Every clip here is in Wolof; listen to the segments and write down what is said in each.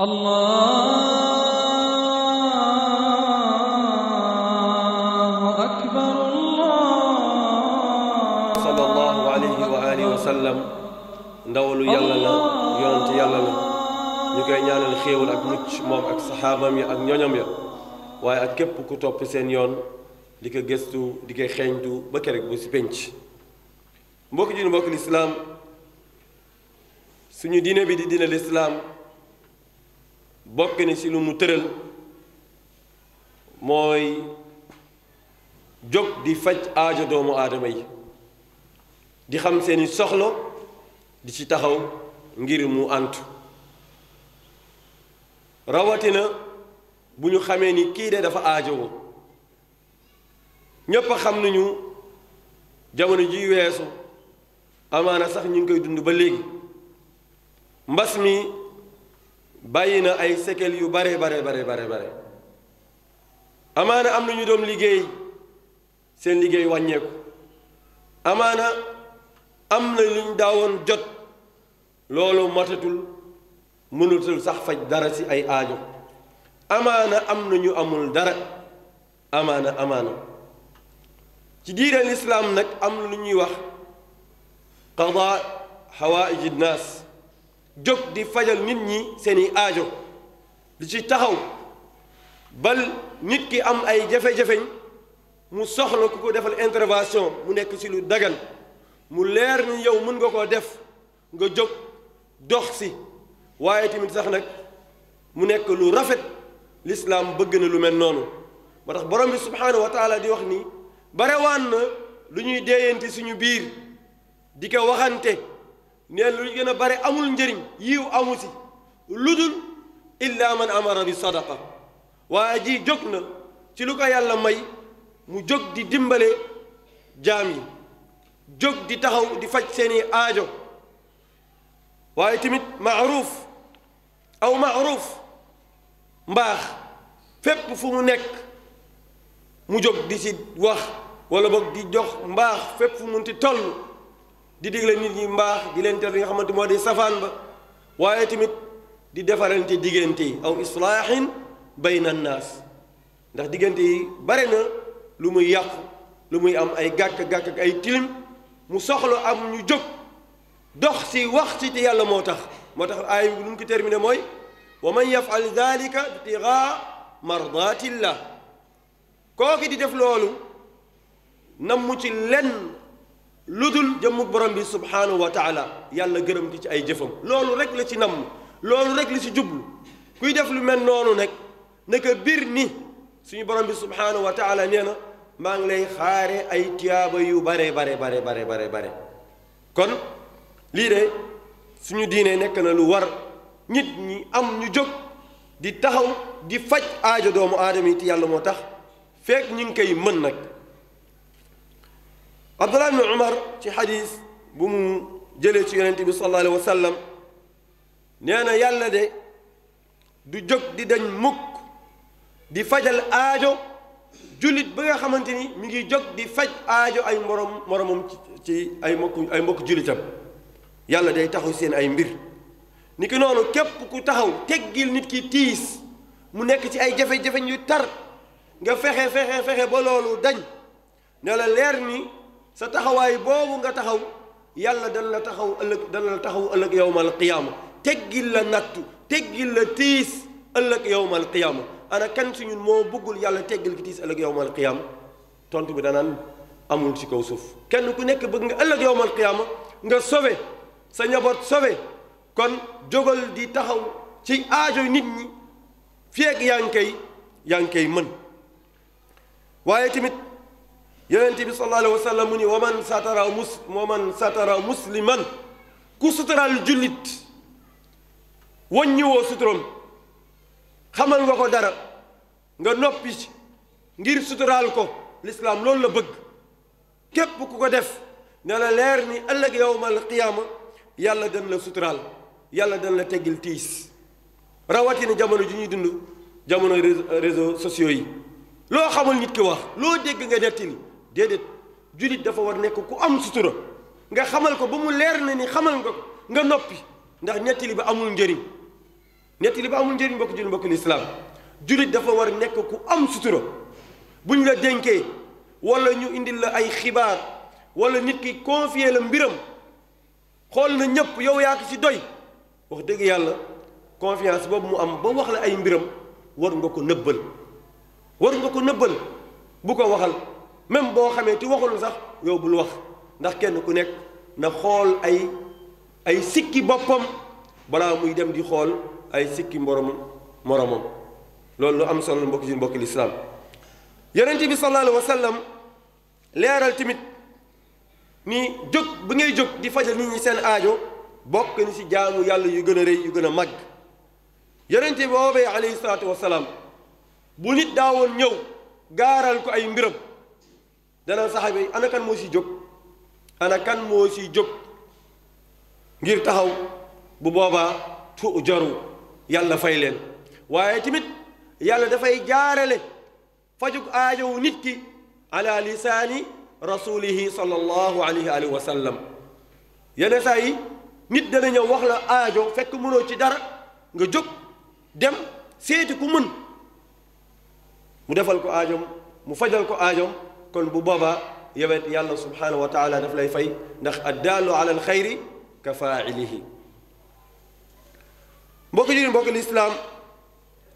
الله أكبر الله صلى الله عليه وآله وسلم ndawlu yàlla la yonent yàlla la ñu koy ñaanal xéewal ak mucc moom ak saxaabam ya ak ñoñam ya waaye ak képp ku topp seen yoon di ko gëstu di ko xeeñtu ba kerek bu si pénc mbokki jun mbokki lislaam suñu diine bi di diine lislaam bokk na ci lu mu tëral mooy jóg di faj aajo doomu aadama yi di xam seeni soxla di ci taxaw ngir mu àntu rawatina bu ñu xamee ni kii de dafa aajowoo ñépp xam nañu jamono ji weesu amaana sax ñu ngi koy dund ba léegi mbas mi bàyyi na ay séquelles yu bare bare bare bare bare amaana am na ñu doon liggéey seen liggéey wàññeeku amaana am na lu ñu daawoon jot loolu matatul mënatul sax faj dara ci ay aajo amaana am na ñu amul dara amaana amaana ci diine lislaam nag am na lu ñuy wax qada xawaïji naas jóg di fajal nit ñi seeni aajo di ci taxaw bal nit ki am ay jafe-jafeñ mu soxla ku ko defal intervention mu nekk ci lu dagan mu leer ni yow mën nga koo def nga jóg dox si waaye tamit sax nag mu nekk lu rafet lislaam bëgg na lu mel noonu ba tax borom bi subhaanahu wa di wax nii barewaan na lu ñuy déeyante suñu biir di ko waxante neen lu gën a bare amul njëriñ yiw amu si lu dul illa man amara bi sadaqa waa ji jóg na ci lu ko yàlla may mu jóg di dimbale jaam yi jóg di taxaw di faj seeni aajo waaye tamit maaruuf aw maaruuf mbaax fépp fu mu nekk mu jóg di si wax wala boog di jox mbaax fépp fu mu ti toll di digle nit ñi mbax di leen tere nga xamante modi safan ba waye timit di defarante diggante aw islahin bayna nnas ndax diggante yi bare na lu muy yaq lu muy am ay gàkk-gàkk ak ay tilim mu soxlo am ñu jóg dox ci wax si te yàlla motax motax ay tax aay lu ko terminé moy wa man yafal dalika ibtigaa mardatillah kooki di def lolu namu ci lenn lu dul jëmm borom bi subhaanahu wa taala yàlla gërëm ci ay jëfam loolu rek la ci namm loolu rek la ci jublu kuy def lu mel noonu nag naka bir ni suñu borom bi subhaanahu wa taala nee na maa ngi lay xaare ay tiyaaba yu bare bare bare bare bare bare kon lii de suñu diinee nekk na lu war nit ñi am ñu jóg di taxaw di faj aajo doomu aadama yi te yàlla moo tax fekk ñu ngi koy mën nag عبد الله بن عمر ci xadis bu mu jëlee ci yonente bi sallallahu alayhi wa sallam nee na yàlla de du jóg di dañ mukk di fajal aajo jullit ba nga xamante ni mi ngi jóg di faj aajo ay morom moromam ci ay mbokk ay mbokk jullitam yàlla day taxaw seen ay mbir ni ki noonu képp ku taxaw teggil nit ki tiis mu nekk ci ay jafe-jafe yu tar nga fexe fexe fexe ba loolu dañ ne la leer ni sa taxawaay boobu nga taxaw yàlla dana la taxaw ëllëg dana la taxaw ëllëg yowmal qiyaama teggil la nattu teggil la tiis ëllëg yowmal qiyaama ana kan si ñun bëggul yàlla teggil ki tiis ëllëg yowmal qiyaama tontu bi danaan amul ci kaw suuf kenn ku nekk bëgg nga ëllëg yowmal qiyaama nga sauvé sa njaboot sauvé kon jógal di taxaw ci aajo nit ñi feeg yaa ngi koy yaa tamit yonente bi sallallahu alayhi wa sallam mu ni wa man satara mus wa man satara musliman ku suturaal jullit waññiwoo suturam xamal nga ko dara nga noppi ngir suturaal ko lislaam loolu la bëgg képp ku ko def ne la leer ni ëllëg yowmal qiyaama yàlla dana la suturaal yàlla dana la teggil tiis rawatina jamono ji ñuy dund jamono réseaux sociaux yi loo xamul nit ki wax loo dégg nga nettali déedéet jullit dafa war nekk ku am sutura nga xamal ko ba mu leer na ni xamal nga nga noppi ndax nettali ba amul njëriñ nettali ba amul njëriñ mbokk jullit mbokk lislaam jullit dafa war nekk ku am sutura ñu la dénkee walla ñu indil la ay xibaar wala nit ki confier la mbiram xool na ñëpp yow yaa ko ci doy wax dëgg yàlla confiance boobu mu am ba wax la ay mbiram war nga ko nëbbal war nga ko nëbbal bu ko waxal même bo xamé ci waxul sax yow bul wax ndax kenn ku nek na xol ay ay sikki bopam bala muy dem di xol ay sikki mborom moromam lolou lu am solo mbokki si mbokki l'islam yaronte bi sallallahu alayhi wasallam leral timit ni jóg bu ngay jóg di fajal nit ñi seen aajo bokk ni ci jaamu yàlla yu gëna reey yu gëna mag yaronte bobé alayhi salatu wasallam bu nit daawoon ñëw garal ko ay mbirum danaan saxaaba yi ana kan moo si jóg ana kan moo ngir taxaw bu boobaa tu jaru yàlla fay leen waaye tamit yàlla dafay jaarale fajug aajowu nit ki ala lisaani rasulihi sallallahu alayhi wa sallam yenn saa yi nit dana ñëw wax la aajo fekk mënoo ci dara nga jóg dem seeti ku mën mu defal ko aajom mu fajal ko aajom كن بوبابا يبت يالله سبحانه وتعالى دفلاي فاي نخ الدال على الخير كفاعله بوكو جيرين بوكو الاسلام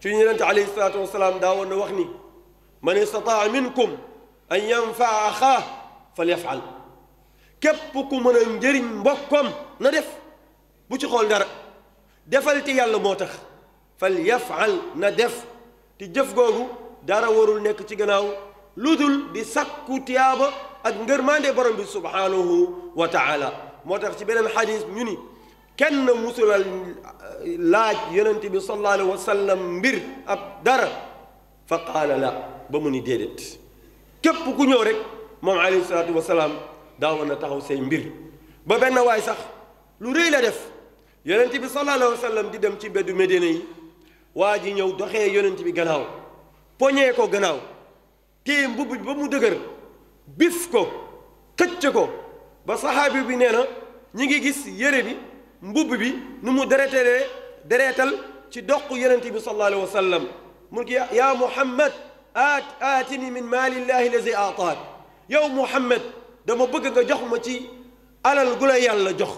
سي نانت عليه الصلاه والسلام داون وخني من استطاع منكم ان ينفع اخاه فليفعل كيب كو من نجرين بوكم ندف ديف بو سي يالله موتاخ فليفعل ندف تجف تي جيف غوغو دارا ورول نيك سي lu dul di sakku tiyaaba ak ngërmande borom bi subhaanahu wa taala moo tax ci beneen xadis ñu ni kenn musula laaj yonente bi sallallahu alayhi wa sallam mbir ab dara fa qaala la ba mu ni déedéet képp ku ñëw rek moom alayhi salaatu wa salaam daawoon na taxaw say mbir ba benn waay sax lu rëy la def yonente bi sallallahu alayhi wa sallam di dem ci mbeddu Medina yi waa ji ñëw doxee yonente bi gannaaw poñee ko gannaaw téye mbubb ba mu dëgër bif ko këcc ko ba saxaabi bi nee na ñi ngi gis yére bi mbubb bi nu mu deretelee dereetal ci doq yonent bi sallallahu alayhi wa sallam mun ki yaa muhammad aat aatini min maalillahi lazi aataak yow muhammad dama bëgg nga jox ma ci alal gu la yàlla jox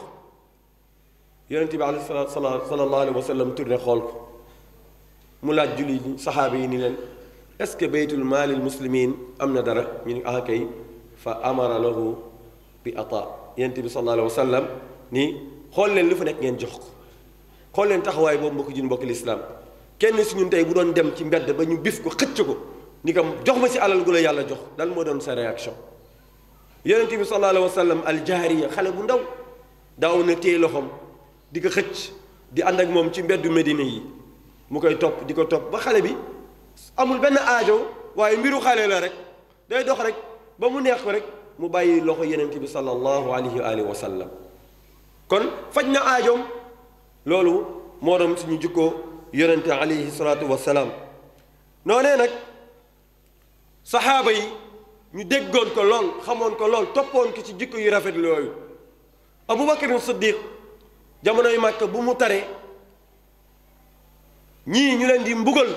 yonent bi alayhi sallallahu alayhi wa sallam tourné xool ko mu laaj julli saxaaba yi ni leen est ce que baytul maalil muslimin am na dara ñu ne ah kay fa amara lahu bi ata yent bi sallallahu alayhi wa sallam ni xool leen lu fa nekk ngeen jox ko xool leen taxawaay boobu mbokk jun mbokk lislaam kenn si ñun tey bu doon dem ci mbedd ba ñu bif ko xëcc ko ni ko jox ma si alal gu la yàlla jox dal moo doon sa réaction yonent bi sallallahu alayhi wa sallam aljaariya xale bu ndaw daaw na téye loxoom di ko xëcc di ànd ak moom ci mbeddu Medina yi mu koy topp di ko topp ba xale bi amul benn aajo waaye mbiru xale la rek day dox rek ba mu neex ko rek mu bàyyi loxo yenent bi sallallahu alayhi wa alihi wa sallam kon faj na aajoom loolu moo doon suñu jukkoo yonente alayhi salaatu wa salaam nag saxaaba yi ñu déggoon ko lool xamoon ko lool toppoon ko ci jikko yu rafet looyu aboubacar siddiq jamonoy màkk bu mu tare ñii ñu leen di mbugal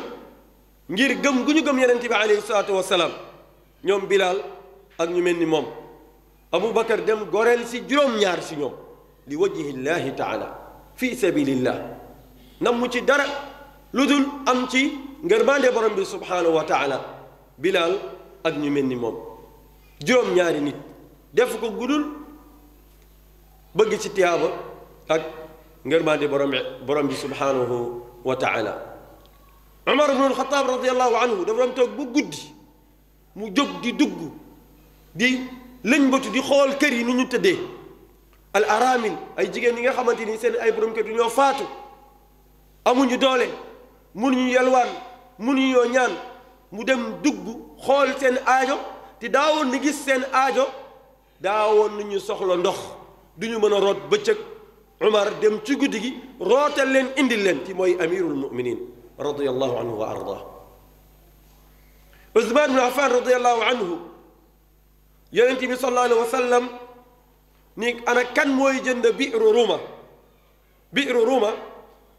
ngir gëm guñu gëm yenen tibbi alayhi salaatu wasalaam ñom bilal ak ñu melni mom abou bakkar dem gorel ci juróom-ñaar ci ñom li wajhi allah taala fi sabilillah nam ci dara ludul am ci ngërmaande borom bi subhanahu wa taala bilal ak ñu melni mom juróom-ñaari nit def ko gudul bëgg ci tiyaba ak ngërmaande borom borom bi subhanahu wa taala عمر بن الخطاب رضي الله عنه دا توك بو غودي مو جوب دي دغ دي لنج بوت دي خول كير ني ني تدي الارامل اي جيجين نيغا خامتيني سين اي بروم كيتو نيو فاتو امو ني دوله مون ني يلوان مون ني يو نيان مو ديم دغ خول سين اديو تي داون ني غيس سين اديو داون ني سوخلو ندوخ دونو مانا روت بيتك عمر ديم تي غودي روتال لين انديل لين تي موي امير المؤمنين رضي الله عنه وأرضاه عثمان بن عفان رضي الله عنه يرنتي بي صلى الله عليه وسلم نيك أنا كان موي جند بئر روما بئر روما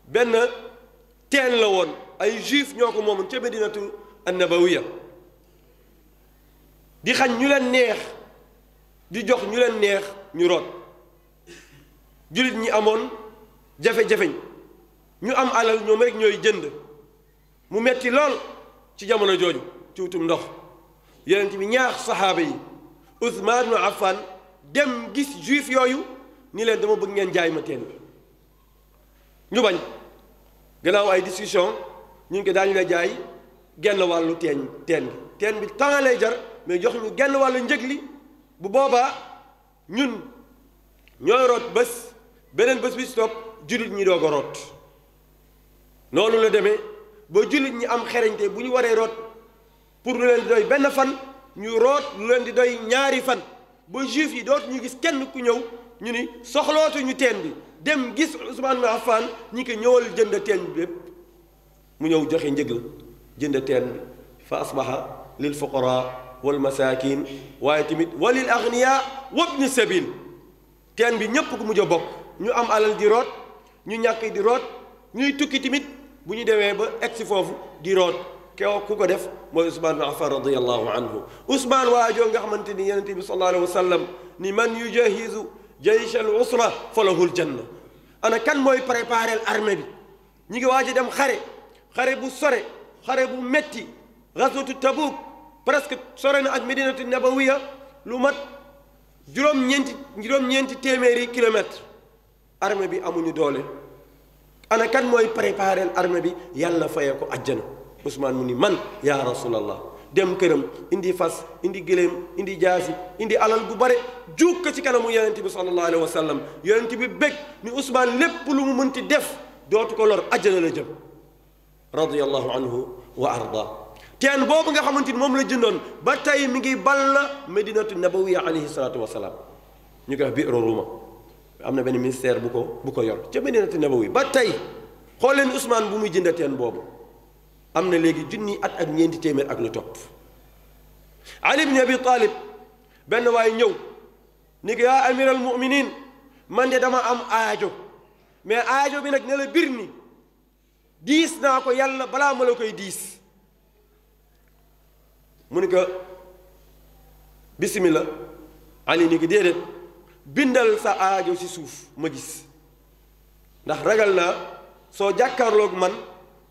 بن تين لون أي جيف نيوكو مومن تي مدينة النبوية دي خان نيو لن نيخ دي جوخ نيو لن نيخ نيو رود جوليت ني امون جافي جافي نيو ام علال نيوم رك نيوي جند mu metti lool ci jamono jooju ci wutum ndox yonent bi ñaax saxaaba yi Usmaan ibnu Affaan dem gis juif yooyu ni leen dama bëgg ngeen jaay ma teen bi ñu bañ gannaaw ay discussion ñu ngi ko daañu la jaay genn wàllu teen teen bi teen bi temps jar mais jox ñu genn wàllu njëg li bu boobaa ñun ñooy root bés beneen bés bi si topp jullit ñi doog a root noonu la demee ba jullit ñi am xereñte bu ñu waree root pour lu leen di doy benn fan ñu root lu leen di doy ñaari fan ba juif yi dootu ñu gis kenn ku ñëw ñu ni soxlootu ñu teen bi dem gis Usmaan ibn Affaan ñi ko ñëwal jënd teen bi bépp mu ñëw joxe njëg jënd teen bi fa asbaha lil fuqara wal masaakin waaye tamit walil agniya wabni sabil teen bi ñépp ku mujj a bokk ñu am alal di root ñu ñàkk di root ñuy tukki tamit buñu ñu demee ba egg si foofu di root kew ku ko def mooy Ousmane bin Affan radiyallahu anhu Ousmane waajoo nga xamante ni yonent bi sallallahu alayhi wasallam ni man yujahizu jaysh al usra falahu l janna ana kan mooy préparer armée bi ñi ngi waaj a dem xare xare bu sore xare bu metti ghazwatu Tabuk presque sore na ak Medinatu Nabawiya lu mat juróom-ñeenti juróom-ñeenti téeméeri kilomètre armée bi amuñu doole ana kan moy préparer armée bi yalla fayé ko aljana usman muni man ya rasulallah dem kërëm indi fas indi gëléem indi jasi indi alal bu bare juug ko ci kanamu yaronte bi sallallahu alaihi wasallam yaronte bi bég ni usman lepp lu mu mënti def dootu ko lor aljana la jëm radiyallahu anhu wa arda tian bobu nga xamanteni mom la jëndon ba tay mi ngi ball medinatu nabawiya alayhi salatu wasalaam ñu ko wax rumah. am na benn ministère bu ko bu ko yor ca Medinatu yi ba tey xool leen Ousmane bu muy jënd teen boobu am na léegi junni at ak ñeenti téeméer ak lu topp Ali ibn Abi Talib benn waaye ñëw ni ko yaa amiral muminin man de dama am ajo mais aajo bi nag ne la bir ni diis naa ko yàlla balaa ma la koy diis mu ni ko bisimila Ali ni ko déedéet bindal sa aajo ci suuf ma gis ndax ragal naa soo jàkkaarloog man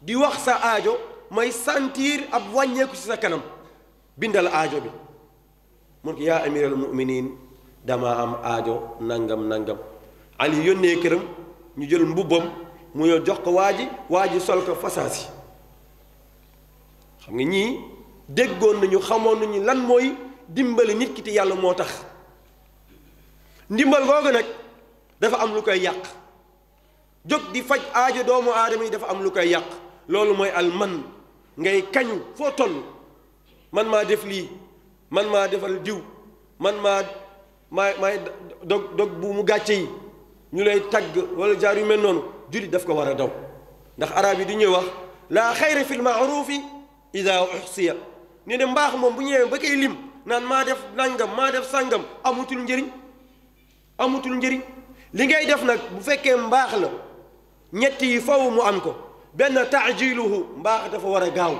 di wax sa aajo may sentir ab wàññeeku ci sa kanam bindal aajo bi mun ko yaa amiral muminin dama am aajo nangam nangam ali yónnee këram ñu jël mbubbam mu ñoo jox ko waa ji waa ji sol ko fasaasi xam nga ñii déggoon nañu xamoon nañu lan mooy dimbali nit ki te yàlla moo tax ndimbal googu nag dafa am lu koy yàq jóg di faj aajo doomu aadama yi dafa am lu koy yàq loolu mooy al man ngay kañu foo toll man maa def lii man maa defal diw man maa maay maay dog dog bu mu gàccee yi ñu lay tagg wala jaar yu mel noonu jullit daf ko war a daw ndax arab yi du ñuy wax laa xayra fil maarufi ida uxsiya ne ne mbaax moom bu ñëwee ba koy lim naan maa def nàngam maa def sàngam amatul njëriñ amutul njëriñ li ngay def nag bu fekkee mbaax la ñett yi faw mu am ko benn taajiluhu mbaax dafa war a gaaw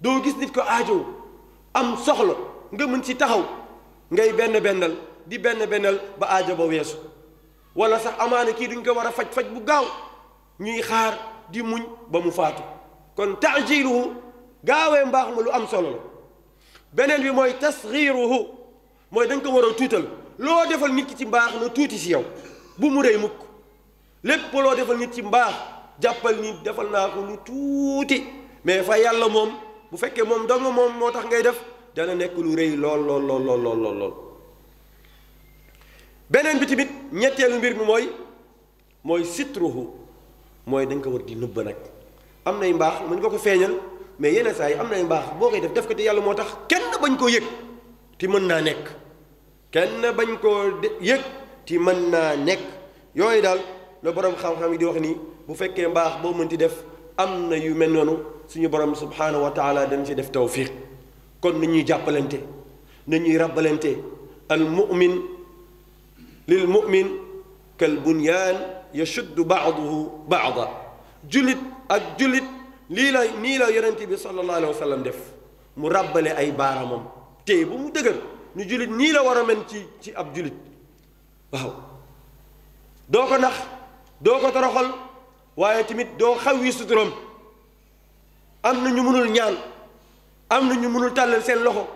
doo gis nit ko aajow am soxla nga mën ci taxaw ngay benn bennal di benn bennal ba aajo ba weesu wala sax amaana kii duñ ko war a faj faj bu gaaw ñuy xaar di muñ ba mu faatu kon taajiluhu gaawee mbaax ma lu am solo la beneen bi mooy tasxiiruhu mooy dañ ko war a tuutal loo defal nit ki ci mbaax na tuuti ci yow bu mu rëy mukk lépp loo defal nit ci mbaax jàppal ni defal naa ko lu tuuti mais fa yàlla moom bu fekkee moom dong moom moo tax ngay def dana nekk lu rëy lool lool lool lool lool lool. beneen bi tamit ñetteelu mbir mi mooy mooy sitruhu mooy dañ ko war di nëbb nag am nay mbaax mën nga ko feeñal mais yenn saa yi am nay mbaax boo koy def def ko te yàlla moo tax kenn bañ ko yëg te mën naa nekk. كن بنكو يك تمنى نك يوي دال لو بروم خام خام دي وخني بو فكي مباخ بو منتي ديف امنا يو مل نونو سونو بروم سبحانه وتعالى دنج سي ديف توفيق كون ني ني جابلانتي ني ني ربلانتي المؤمن للمؤمن كالبنيان يشد بعضه بعضا جلد اك جلد ليلا نيلا يرنتي بي صلى الله عليه وسلم ديف مربل اي بارامم تي بو مو دغر ni julit ni la wara a mel ci ci ab julit waaw do ko nax do ko toroxal waye timit do xaw yi suturam amna ñu mënul ñaan amna ñu mënul talal seen loxo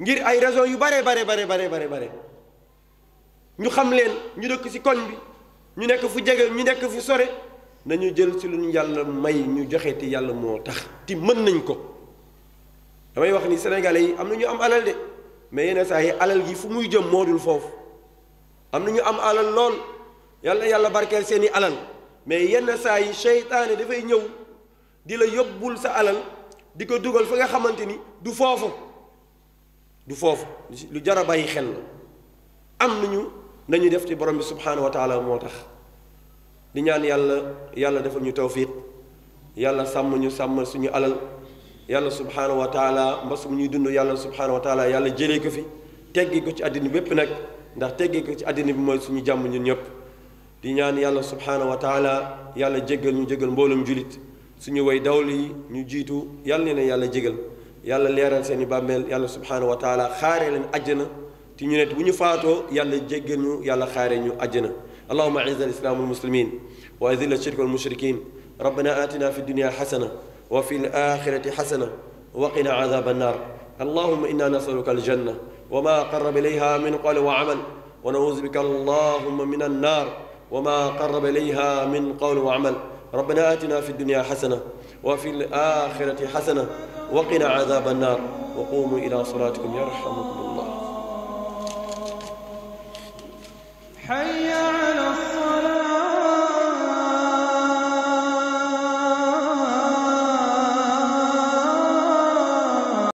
ngir ay raison yu bare bare bare bare bare bare ñu xam leen ñu dëkk ci koñ bi ñu nekk fu jege ñu nekk fu sore nañu jël ci lu ñu yàlla may ñu joxe ti yàlla moo tax ti mën nañ ko damay wax ni sénégalais yi am na ñu am alal de mais yene sa yi alal gi fu muy jëm modul fof am na ñu am alal lool yalla yalla barkel seeni alal mais yene sa yi da fay ñew di la yobul sa alal di ko dugal fa nga xamanteni du fofu du fofu lu jara bayyi xel la am nañu nañu def ci borom subhanahu wa taala motax di ñaan yalla yalla defal ñu tawfiq yalla sam ñu sam suñu alal yàlla subhanahu wa taala mbas mu ñuy dund yàlla subhanahu wa taala yàlla jëlé ko fi téggé ko ci adina bépp nak ndax téggé ko ci adina bi moy suñu jàmm ñun ñëpp di ñaan yàlla subhanahu wa taala yàlla jéggal ñu jéggal mbolum julit suñu way dawlu yi ñu jitu yàlla neena yàlla jéggal yàlla léral seen bammel yàlla subhanahu wa taala xaaree leen àjjana te ñu net buñu faato yàlla jéggal ñu yàlla xaaree ñu àjjana اللهم اعز الاسلام islam واذل muslimin والمشركين mushrikin ربنا آتنا في الدنيا حسنة وفي الآخرة حسنة وقنا عذاب النار اللهم إنا نسألك الجنة وما قرب إليها من قول وعمل ونعوذ بك اللهم من النار وما قرب إليها من قول وعمل ربنا آتنا في الدنيا حسنة وفي الآخرة حسنة وقنا عذاب النار وقوموا إلى صلاتكم يرحمكم الله حي